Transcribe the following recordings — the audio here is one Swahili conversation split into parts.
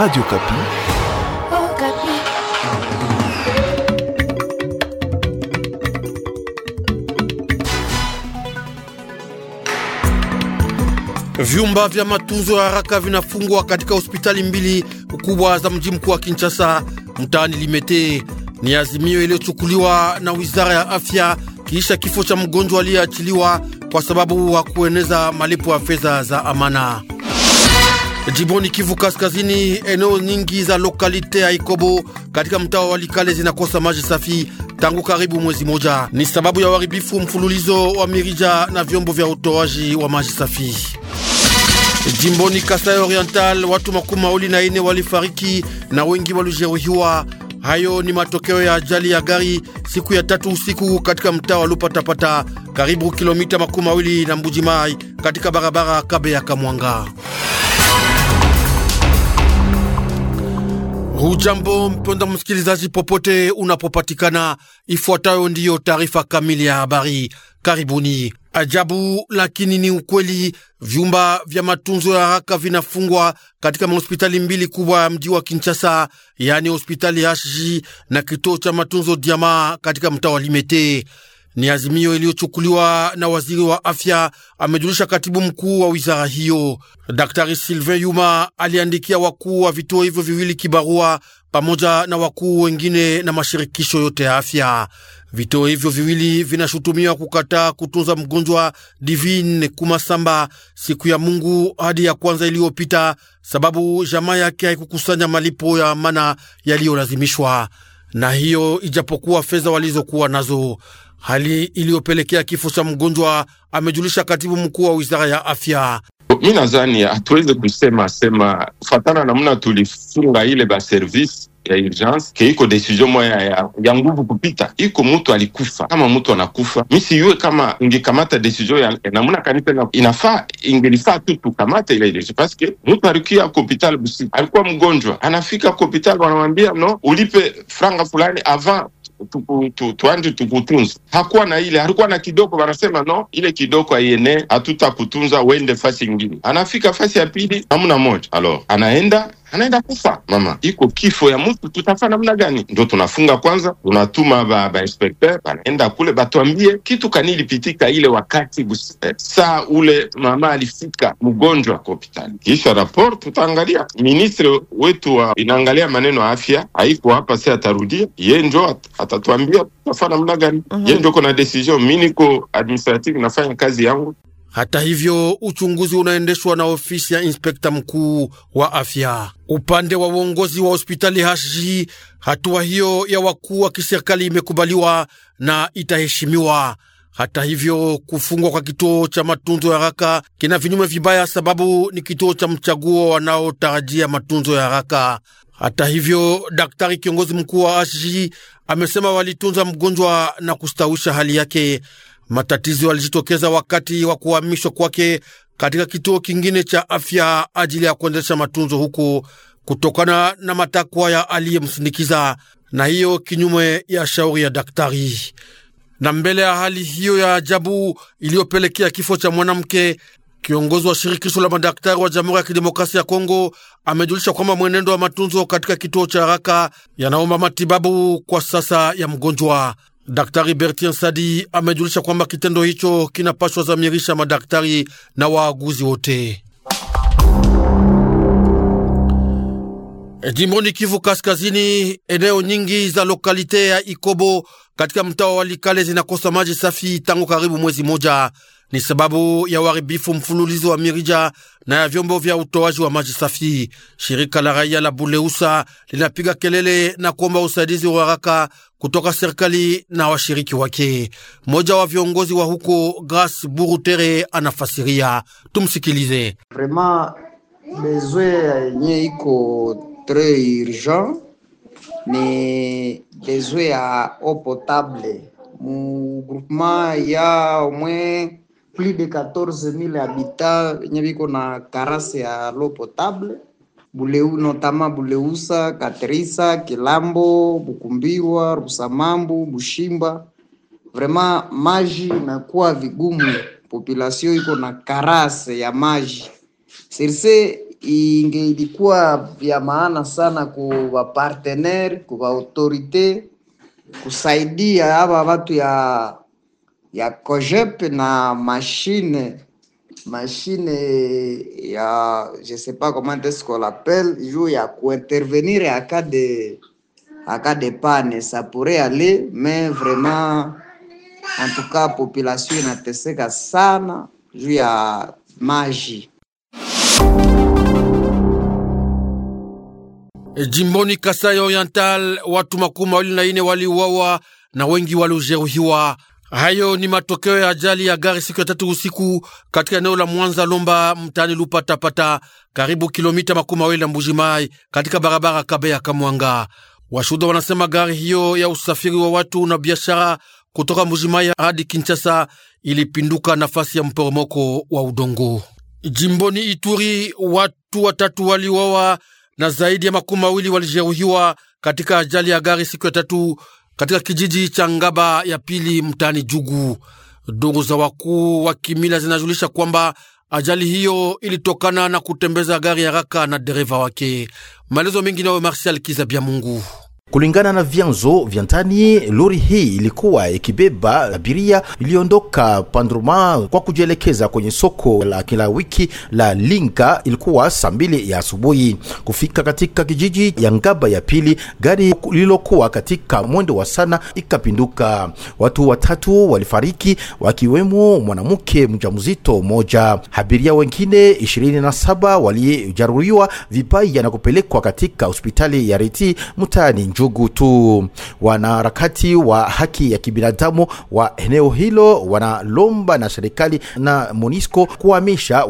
Radio Kapi. Oh, Kapi. Vyumba vya matunzo ya haraka vinafungwa katika hospitali mbili kubwa za mji mkuu wa Kinshasa mtaani Limete. Ni azimio iliyochukuliwa na Wizara ya Afya kisha kifo cha mgonjwa aliyeachiliwa kwa sababu wa kueneza malipo ya fedha za amana. Jimboni Kivu Kaskazini, eneo nyingi za lokalite ya Ikobo katika mtaa wa likale zinakosa maji safi tangu karibu mwezi moja. Ni sababu ya uharibifu mfululizo wa mirija na vyombo vya utoaji wa maji safi. Jimboni Kasai Oriental, watu makumi mawili na ine walifariki na wengi walijeruhiwa. Hayo ni matokeo ya ajali ya gari siku ya tatu usiku katika mtaa wa Lupatapata, karibu kilomita makumi mawili na Mbujimai, katika barabara Kabeya Kamwanga. Hujambo mpenda msikilizaji, popote unapopatikana, ifuatayo ndiyo taarifa kamili ya habari. Karibuni. Ajabu lakini ni ukweli, vyumba vya matunzo ya haraka vinafungwa katika mahospitali mbili kubwa ya mji wa Kinshasa, yaani hospitali Hashi na kituo cha matunzo Diama katika mtaa wa Limete. Ni azimio iliyochukuliwa na waziri wa afya, amejulisha katibu mkuu wa wizara hiyo. Daktari Sylvain Yuma aliandikia wakuu wa vituo hivyo viwili kibarua pamoja na wakuu wengine na mashirikisho yote ya afya. Vituo hivyo viwili vinashutumiwa kukataa kutunza mgonjwa Divine Kumasamba siku ya Mungu hadi ya kwanza iliyopita, sababu jamaa yake haikukusanya malipo ya amana yaliyolazimishwa na hiyo, ijapokuwa fedha walizokuwa nazo hali iliyopelekea kifo cha mgonjwa, amejulisha katibu mkuu wa wizara ya afya. Mi nadhani hatuwezi kusema sema kufatana namna tulifunga ile ba service ya urgence ke iko decision moya ya, ya nguvu kupita. Iko mutu alikufa, kama mutu anakufa, misi yue kama ingekamata decision ya, namuna kanipe na inafaa, ingelifaa tu tukamate ile decision paske mutu alikia hospitali busiku, alikuwa mgonjwa, anafika hospitali wanamwambia no, ulipe franga fulani avant tuku, tu, tuanje tukutunza. Hakuwa na ile, alikuwa na kidogo, wanasema no, ile kidogo aiene, hatutakutunza, wende fasi ingine. Anafika fasi ya pili hamna moja, alo anaenda anaenda kufa mama, iko kifo ya mtu, tutafaa namna gani? Ndo tunafunga kwanza, tunatuma ba ba inspecteur banaenda kule batwambie kitu kani ilipitika ile wakati eh, saa ule mama alifika mgonjwa kwa hospitali. Kisha rapport tutaangalia, ministre wetu wa inaangalia maneno ya afya haiko hapa, si atarudia ye njo atatuambia tutafaa namna gani. Mhm. Ye ndio na decision, mi niko administrative nafanya kazi yangu. Hata hivyo, uchunguzi unaendeshwa na ofisi ya inspekta mkuu wa afya upande wa uongozi wa hospitali Hashi. Hatua hiyo ya wakuu wa kiserikali imekubaliwa na itaheshimiwa. Hata hivyo, kufungwa kwa kituo cha matunzo ya haraka kina vinyume vibaya, sababu ni kituo cha mchaguo wanaotarajia matunzo ya haraka. Hata hivyo, daktari kiongozi mkuu wa Hashi amesema walitunza mgonjwa na kustawisha hali yake Matatizo yalijitokeza wakati wa kuhamishwa kwake katika kituo kingine cha afya ajili ya kuendesha matunzo huko, kutokana na matakwa ya aliyemsindikiza, na hiyo kinyume ya shauri ya daktari. Na mbele ya hali hiyo ya ajabu iliyopelekea kifo cha mwanamke, kiongozi wa shirikisho la madaktari wa Jamhuri ya Kidemokrasia ya Kongo amejulisha kwamba mwenendo wa matunzo katika kituo cha haraka yanaomba matibabu kwa sasa ya mgonjwa. Daktari Bertien Sadi amejulisha kwamba kitendo hicho kinapashwa zamirisha madaktari na waaguzi wote. Jimboni Kivu Kaskazini, eneo nyingi za lokalite ya Ikobo katika mtaa wa Walikale zinakosa maji safi tangu karibu mwezi moja ni sababu ya uharibifu mfululizo wa mirija na ya vyombo vya utoaji wa maji safi. Shirika la raia la Buleusa linapiga kelele na kuomba usaidizi wa haraka kutoka serikali na washiriki wake. Mmoja wa viongozi wa huko Gras Burutere anafasiria, tumsikilize. Vraiment bezwe yenye iko urgent ni bezwe ya eau potable mu groupement ya omwe plus de 14000 habitants yenye biko na karase ya l'eau potable Buleu, notama Buleusa, Katerisa, Kilambo, Bukumbirwa, Rusamambu, Bushimba. Vraiment maji inakuwa vigumu, population iko na karase ya maji serse. Inge ilikuwa vya maana sana kuwa partenaire kuwa autorite kusaidia aba watu ya ya COGEP na machine machine ya je sais pas comment est-ce qu'on l'appelle juu ya kuintervenir en cas de en cas de panne, ça pourrait aller, mais vraiment en tout cas population inateseka sana juu ya maji. E, jimboni Kasai Oriental watu makumi mawili na ine waliuawa na wengi waliojeruhiwa Hayo ni matokeo ya ajali ya gari siku ya tatu usiku katika eneo la Mwanza Lomba mtaani Lupatapata, karibu kilomita makumi mawili na Mbujimai, katika barabara Kabeya Kamwanga. Washuhuda wanasema gari hiyo ya usafiri wa watu na biashara kutoka Mbuji Mai hadi Kinshasa ilipinduka nafasi ya mporomoko wa udongo. Jimboni Ituri, watu watatu waliuawa na zaidi ya makumi mawili walijeruhiwa katika ajali ya gari siku ya tatu katika kijiji cha Ngaba ya pili mtaani Jugu. Ndugu za wakuu wa kimila zinajulisha kwamba ajali hiyo ilitokana na kutembeza gari haraka na dereva wake. Maelezo mengi nayo Marshal Kiza Bya Mungu. Kulingana na vyanzo vya ndani, lori hii ilikuwa ikibeba abiria iliondoka Pandruma kwa kujielekeza kwenye soko la kila wiki la Linga. Ilikuwa saa mbili ya asubuhi kufika katika kijiji ya Ngaba ya pili, gari lililokuwa katika mwendo wa sana ikapinduka. Watu watatu walifariki, wakiwemo mwanamke mjamzito mmoja. Abiria wengine ishirini na saba walijaruriwa vibaya na kupelekwa katika hospitali ya Reti mtaani Jugu tu. Wanaharakati wa haki ya kibinadamu wa eneo hilo wanalomba na serikali na Monisco kuhamisha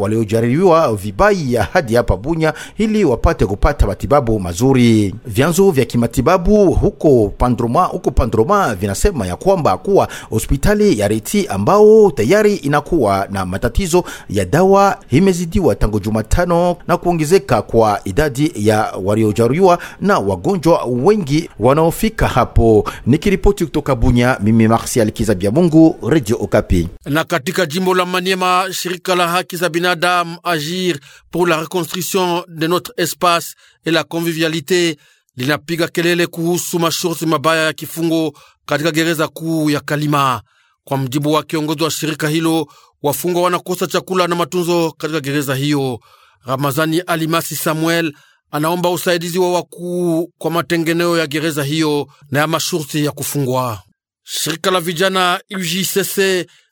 vibai ya hadi hapa Bunya ili wapate kupata matibabu mazuri. Vyanzo vya kimatibabu huko Pandroma, huko Pandroma vinasema ya kwamba kuwa hospitali ya Reti ambao tayari inakuwa na matatizo ya dawa imezidiwa tangu Jumatano na kuongezeka kwa idadi ya waliojeruhiwa na wagonjwa wengi wanaofika hapo. Nikiripoti kutoka Bunya, mimi Marsial Kizabia Mungu, Radio Okapi. Na katika jimbo la Maniema, shirika la haki za binadamu Agir pour la reconstruction de notre espace et la convivialité linapiga kelele kuhusu masharti mabaya ya kifungo katika gereza kuu ya Kalima. Kwa mjibu wa kiongozi wa shirika hilo, wafungwa wanakosa chakula na matunzo katika gereza hiyo. Ramazani Alimasi Samuel anaomba usaidizi wa wakuu kwa matengeneo ya gereza hiyo na ya masharti ya kufungwa. Shirika la vijana UJCC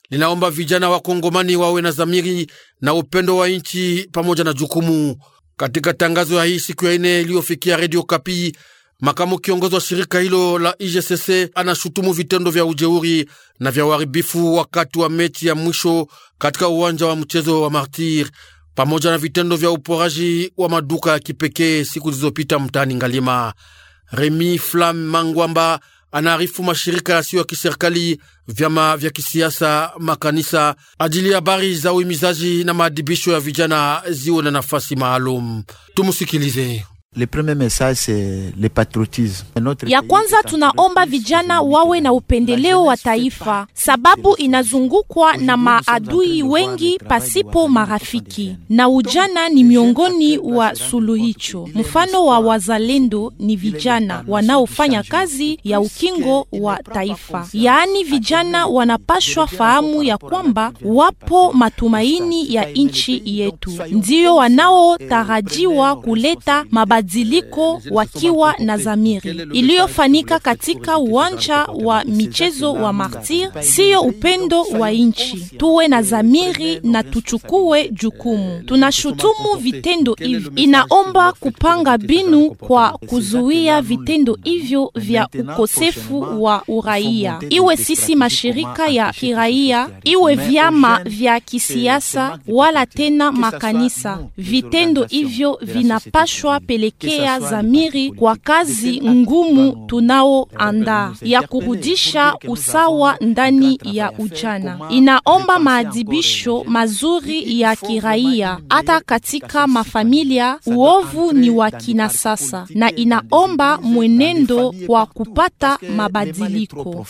linaomba vijana wakongomani wawe na zamiri na upendo wa nchi pamoja na jukumu. Katika tangazo ya hii siku ya ine iliyofikia redio Kapi, makamu kiongozi wa shirika hilo la UJCC anashutumu vitendo vya ujeuri na vya uharibifu wakati wa mechi ya mwisho katika uwanja wa mchezo wa Martir pamoja na vitendo vya uporaji wa maduka ya kipekee siku zilizopita mtaani Ngalima. Remi Flam Mangwamba anaarifu mashirika yasiyo ya kiserikali, vyama vya kisiasa, makanisa ajili habari za uhimizaji na maadibisho ya vijana ziwe na nafasi maalum. Tumusikilize. Le premier message c'est le patriotisme. Ya kwanza tunaomba vijana wawe na upendeleo wa taifa, sababu inazungukwa na maadui wengi pasipo marafiki, na ujana ni miongoni wa suluhicho. Mfano wa wazalendo ni vijana wanaofanya kazi ya ukingo wa taifa, yaani vijana wanapashwa fahamu ya kwamba wapo matumaini ya nchi yetu, ndiyo wanaotarajiwa kuleta mabadiliko mabadiliko eh, wakiwa na zamiri iliyofanyika katika uwanja wa michezo wa Martir, siyo upendo wa nchi. Tuwe na zamiri na tuchukue jukumu. Eh, Tunashutumu vitendo hivyo, inaomba kupanga binu kwa kuzuia vitendo hivyo vya ukosefu wa uraia, iwe sisi mashirika ya kiraia, iwe vyama vya kisiasa, wala tena makanisa. Vitendo hivyo vinapashwa pele kuelekea zamiri kwa kazi ngumu tunaoandaa ya kurudisha usawa ndani ya ujana. Inaomba maadhibisho mazuri ya kiraia hata katika mafamilia. Uovu ni wa kina sasa na inaomba mwenendo wa kupata mabadiliko.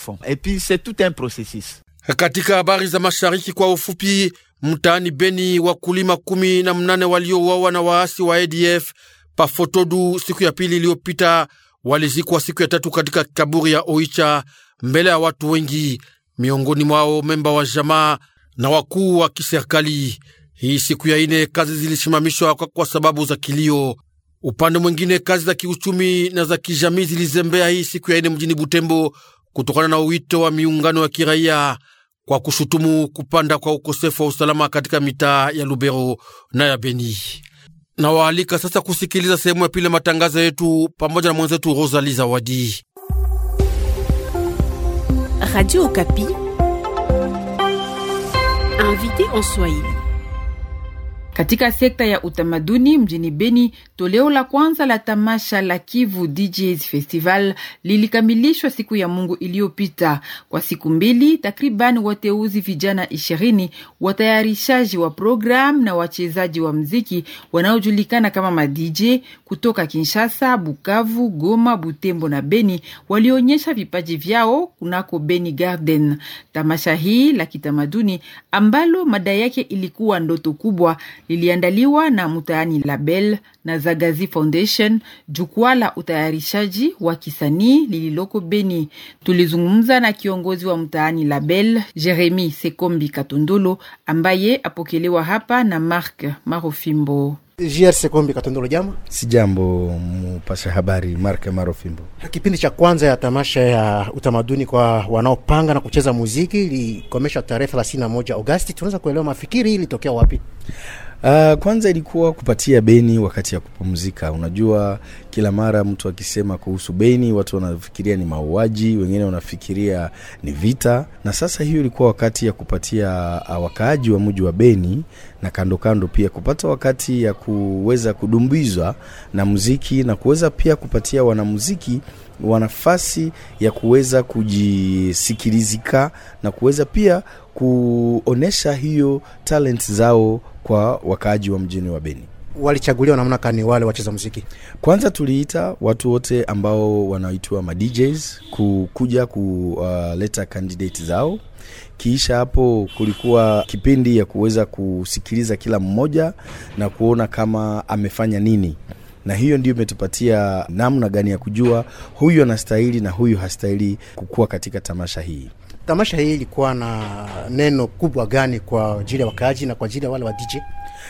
Katika habari za mashariki kwa ufupi, mtaani Beni wakulima kumi na mnane waliouawa na waasi wa ADF Pafotodu siku ya pili iliyopita, walizikwa siku ya tatu katika kaburi ya Oicha mbele ya watu wengi, miongoni mwao memba wa jamaa na wakuu wa kiserikali. Hii siku ya ine kazi zilisimamishwa kwa, kwa sababu za kilio. Upande mwingine, kazi za kiuchumi na za kijamii zilizembea hii siku ya ine mjini Butembo kutokana na wito wa miungano ya kiraia kwa kushutumu kupanda kwa ukosefu wa usalama katika mitaa ya Lubero na ya Beni. Nawaalika sasa kusikiliza sehemu ya pili matangazo yetu pamoja na mwenzetu Rosali Zawadi. Radio Okapi, invité en Swahili. Katika sekta ya utamaduni mjini Beni, toleo la kwanza la tamasha la Kivu DJs Festival lilikamilishwa siku ya Mungu iliyopita. Kwa siku mbili, takriban wateuzi vijana ishirini, watayarishaji wa programu na wachezaji wa mziki wanaojulikana kama madj kutoka Kinshasa, Bukavu, Goma, Butembo na Beni walionyesha vipaji vyao kunako Beni Garden. Tamasha hii la kitamaduni ambalo mada yake ilikuwa ndoto kubwa liliandaliwa na Mtaani Label na Zagazi Foundation, jukwaa la utayarishaji wa kisanii lililoko Beni. Tulizungumza na kiongozi wa Mtaani Label Jeremi Sekombi katundulu ambaye apokelewa hapa na Mark Marofimbo. JR Sekombi Katondolo, jambo. Si jambo, mpasha habari Mark Marofimbo. Kipindi cha kwanza ya tamasha ya utamaduni kwa wanaopanga na kucheza muziki ilikomesha tarehe 31 Agosti. Tunaweza kuelewa mafikiri ilitokea wapi? Uh, kwanza ilikuwa kupatia beni wakati ya kupumzika. Unajua, kila mara mtu akisema kuhusu beni watu wanafikiria ni mauaji, wengine wanafikiria ni vita, na sasa hiyo ilikuwa wakati ya kupatia ah, wakaaji wa mji wa Beni na kando kando pia kupata wakati ya kuweza kudumbizwa na muziki na kuweza pia kupatia wanamuziki wa nafasi ya kuweza kujisikilizika na kuweza pia kuonesha hiyo talent zao kwa wakaaji wa mjini wa Beni. Walichaguliwa namna kani wale wacheza muziki? Kwanza tuliita watu wote ambao wanaitwa ma DJs kukuja kuleta uh, candidate zao. Kiisha hapo kulikuwa kipindi ya kuweza kusikiliza kila mmoja na kuona kama amefanya nini na hiyo ndio imetupatia namna gani ya kujua huyu anastahili na huyu hastahili kukuwa katika tamasha hii. Tamasha hii ilikuwa na neno kubwa gani kwa ajili ya wakaaji na kwa ajili ya wale wa DJ?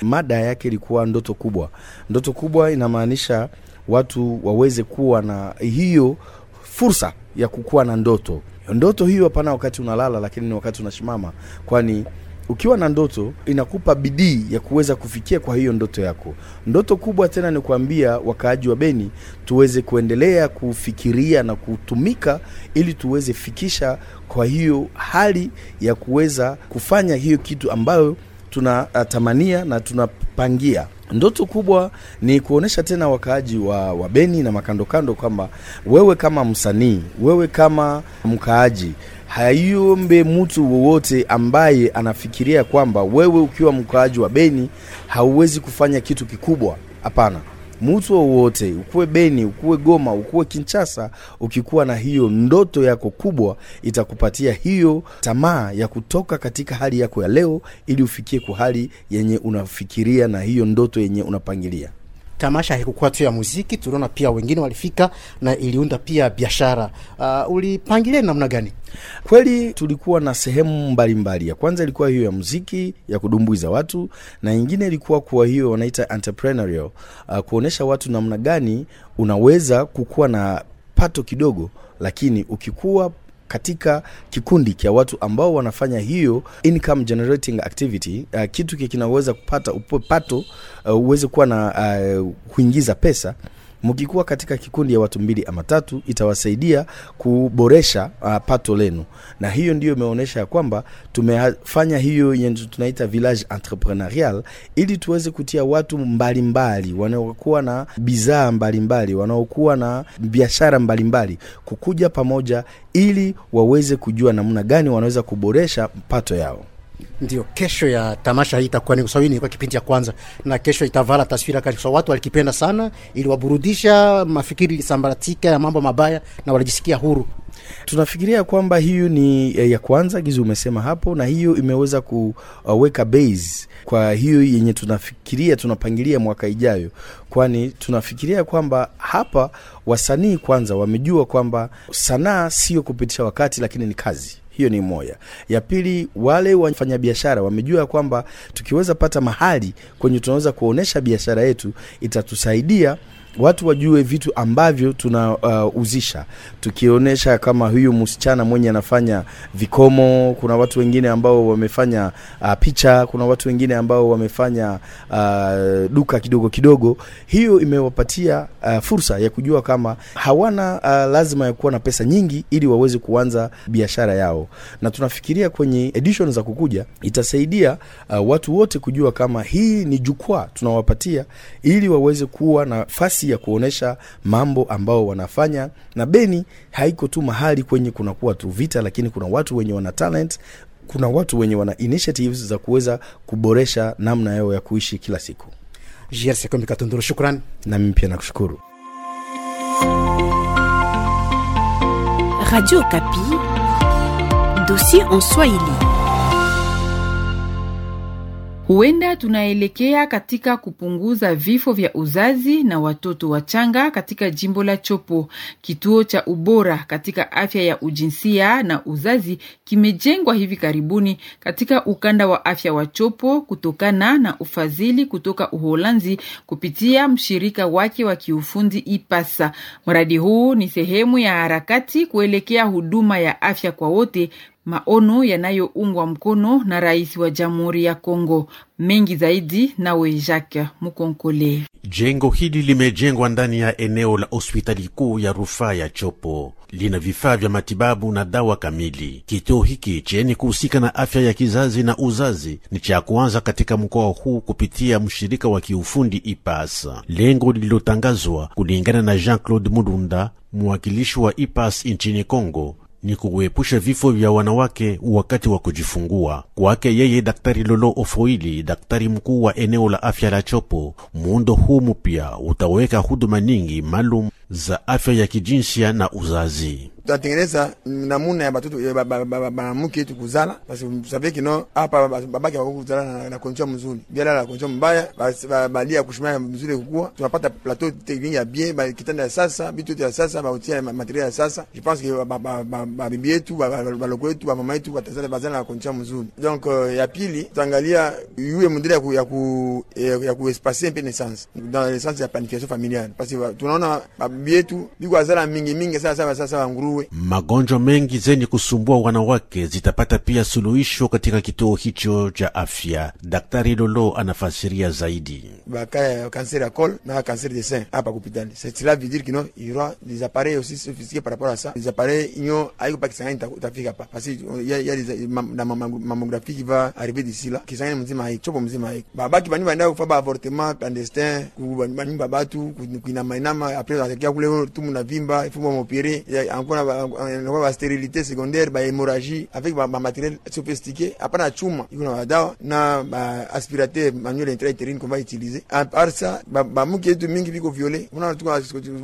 Mada yake ilikuwa ndoto kubwa. Ndoto kubwa inamaanisha watu waweze kuwa na hiyo fursa ya kukuwa na ndoto. Ndoto hiyo hapana wakati unalala, lakini ni wakati unasimama, kwani ukiwa na ndoto inakupa bidii ya kuweza kufikia kwa hiyo ndoto yako. Ndoto kubwa tena ni kuambia wakaaji wa Beni tuweze kuendelea kufikiria na kutumika ili tuweze fikisha kwa hiyo hali ya kuweza kufanya hiyo kitu ambayo tunatamania na tunapangia. Ndoto kubwa ni kuonesha tena wakaaji wa, wa Beni na makandokando kwamba wewe kama msanii, wewe kama mkaaji haiombe mtu wowote ambaye anafikiria kwamba wewe ukiwa mkaaji wa Beni hauwezi kufanya kitu kikubwa. Hapana, mtu wowote ukuwe Beni, ukuwe Goma, ukuwe Kinshasa, ukikuwa na hiyo ndoto yako kubwa, itakupatia hiyo tamaa ya kutoka katika hali yako ya leo, ili ufikie kwa hali yenye unafikiria na hiyo ndoto yenye unapangilia tamasha haikukuwa tu ya muziki, tuliona pia wengine walifika na iliunda pia biashara. Uh, ulipangilia namna gani? Kweli tulikuwa na sehemu mbalimbali mbali. Ya kwanza ilikuwa hiyo ya muziki ya kudumbuiza watu, na nyingine ilikuwa kuwa hiyo wanaita entrepreneurial, uh, kuonyesha watu namna gani unaweza kukuwa na pato kidogo, lakini ukikuwa katika kikundi cha watu ambao wanafanya hiyo income generating activity uh, kitu kinaweza kupata upato uh, uweze kuwa na uh, kuingiza pesa mkikuwa katika kikundi ya watu mbili ama tatu itawasaidia kuboresha uh, pato lenu, na hiyo ndiyo imeonyesha ya kwamba tumefanya hiyo yenye tunaita village entrepreneurial ili tuweze kutia watu mbalimbali wanaokuwa na bidhaa mbalimbali wanaokuwa na biashara mbalimbali kukuja pamoja ili waweze kujua namna gani wanaweza kuboresha pato yao. Ndio, kesho ya tamasha hii itakuwa ni kwa kipindi cha kwanza, na kesho itavala taswira kali, kwa watu walikipenda sana, iliwaburudisha, mafikiri ilisambaratika ya mambo mabaya na walijisikia huru. Tunafikiria kwamba hiyo ni eh, ya kwanza gizi umesema hapo, na hiyo imeweza kuweka uh, base kwa hiyo yenye tunafikiria tunapangilia mwaka ijayo, kwani tunafikiria kwamba hapa wasanii kwanza wamejua kwamba sanaa sio kupitisha wakati, lakini ni kazi hiyo ni moja. Ya pili, wale wafanyabiashara wamejua kwamba tukiweza pata mahali kwenye tunaweza kuonesha biashara yetu itatusaidia watu wajue vitu ambavyo tunauzisha uh, tukionyesha kama huyu msichana mwenye anafanya vikomo. Kuna watu wengine ambao wamefanya uh, picha, kuna watu wengine ambao wamefanya uh, duka kidogo kidogo. Hiyo imewapatia uh, fursa ya kujua kama hawana uh, lazima ya kuwa na pesa nyingi ili waweze kuanza biashara yao, na tunafikiria kwenye edition za kukuja itasaidia uh, watu wote kujua kama hii ni jukwaa tunawapatia ili waweze kuwa na fasi nafasi ya kuonesha mambo ambao wanafanya, na Beni haiko tu mahali kwenye kunakuwa tu vita, lakini kuna watu wenye wana talent kuna watu wenye wana initiatives za kuweza kuboresha namna yao ya kuishi kila siku. Katunduru, shukran. Na mimi pia nakushukuru. Radio Kapi, dossier en Swahili. Huenda tunaelekea katika kupunguza vifo vya uzazi na watoto wachanga katika jimbo la Chopo. Kituo cha ubora katika afya ya ujinsia na uzazi kimejengwa hivi karibuni katika ukanda wa afya wa Chopo kutokana na ufadhili kutoka Uholanzi kupitia mshirika wake wa kiufundi IPASA. Mradi huu ni sehemu ya harakati kuelekea huduma ya afya kwa wote maono yanayoungwa mkono na rais wa Jamhuri ya Kongo. Mengi zaidi nawe Jacques Mukonkole. Jengo hili limejengwa ndani ya eneo la hospitali kuu ya rufaa ya Chopo, lina vifaa vya matibabu na dawa kamili. Kituo hiki chenye kuhusika na afya ya kizazi na uzazi ni cha kwanza katika mkoa huu kupitia mshirika wa kiufundi IPAS, lengo lililotangazwa kulingana na Jean Claude mulunda mwakilishi wa IPAS nchini Kongo ni kuwepusha vifo vya wanawake wakati wa kujifungua. Kwake yeye Daktari Lolo Ofoili, daktari mkuu wa eneo la afya la Chopo, muundo huu mpya utaweka huduma nyingi maalum za afya ya kijinsia na uzazi tutatengeneza namuna ya batoto banamuke yetu kuzala parce que savez kino hapa babaki bako kuzala na, na kondition mzuri biala la kondition mbaya balia kushimaya mzuri kukua tunapata plateau technique ya bien kitanda ya sasa bitu ya sasa bautia materiel ya sasa je pense que babibi yetu baloko yetu bamama yetu batazala bazala na kondition mzuri donc ya pili tutaangalia yue mundele ya kuespase mpe naissance dans naissance ya planification familiale parce que tunaona babibi yetu biko azala mingimingi sasa sasa banguru nguruwe. Magonjwa mengi zenye kusumbua wanawake zitapata pia suluhisho katika kituo hicho cha afya. Daktari Lolo anafasiria zaidi bakaya kanseri ya col na kanseri de sein hapa par rapport aiko pa Kisangani pa ya na Kisangani mzima haiko chopo mzima haiko babaki kufa ba clandestin batu atakia kule tumu na vimba ifumo mopire inakuwa basterilite secondaire bahémorragie avec bamateriel sophistiqué na chuma iko na badawa na baaspirateur manuel intraiterine komba utilize apart ça bamuki yetu mingi biko viole unaona tuko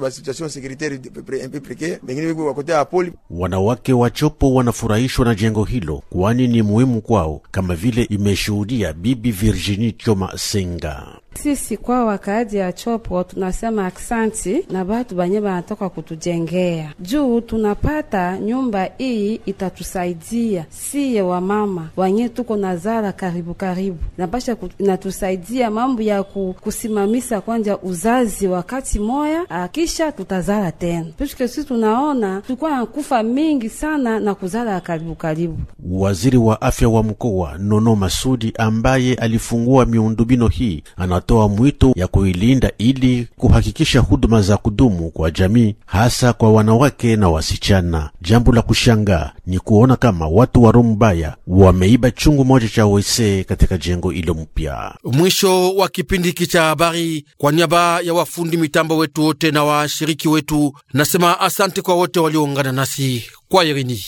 basituation sécuritaire un peu précaire bengine biko bakote ya poli. Wanawake wachopo wanafurahishwa na jengo hilo, kwani ni muhimu kwao, kama vile imeshuhudia Bibi Virginie Choma Senga sisi kwa wakaaji ya Chopo tunasema aksanti na batu banye banatoka kutujengea juu tunapata nyumba iyi, itatusaidia siye wa mama wanye tuko nazara karibu karibu, napasha inatusaidia mambo ya kusimamisa kwanja uzazi wakati moya, akisha ah, tutazala tena, puisque sisi tunaona tulikuwa nakufa mingi sana na kuzala karibu karibu. Waziri wa afya wa mkoa Nono Masudi ambaye alifungua miundombino hii ana anatoa mwito ya kuilinda ili kuhakikisha huduma za kudumu kwa jamii, hasa kwa wanawake na wasichana. Jambo la kushangaa ni kuona kama watu wa Rumbaya wameiba chungu moja cha wese katika jengo hilo mpya. Mwisho wa kipindi hiki cha habari, kwa niaba ya wafundi mitambo wetu wote na washiriki wetu, nasema asante kwa wote walioungana nasi kwa Irini.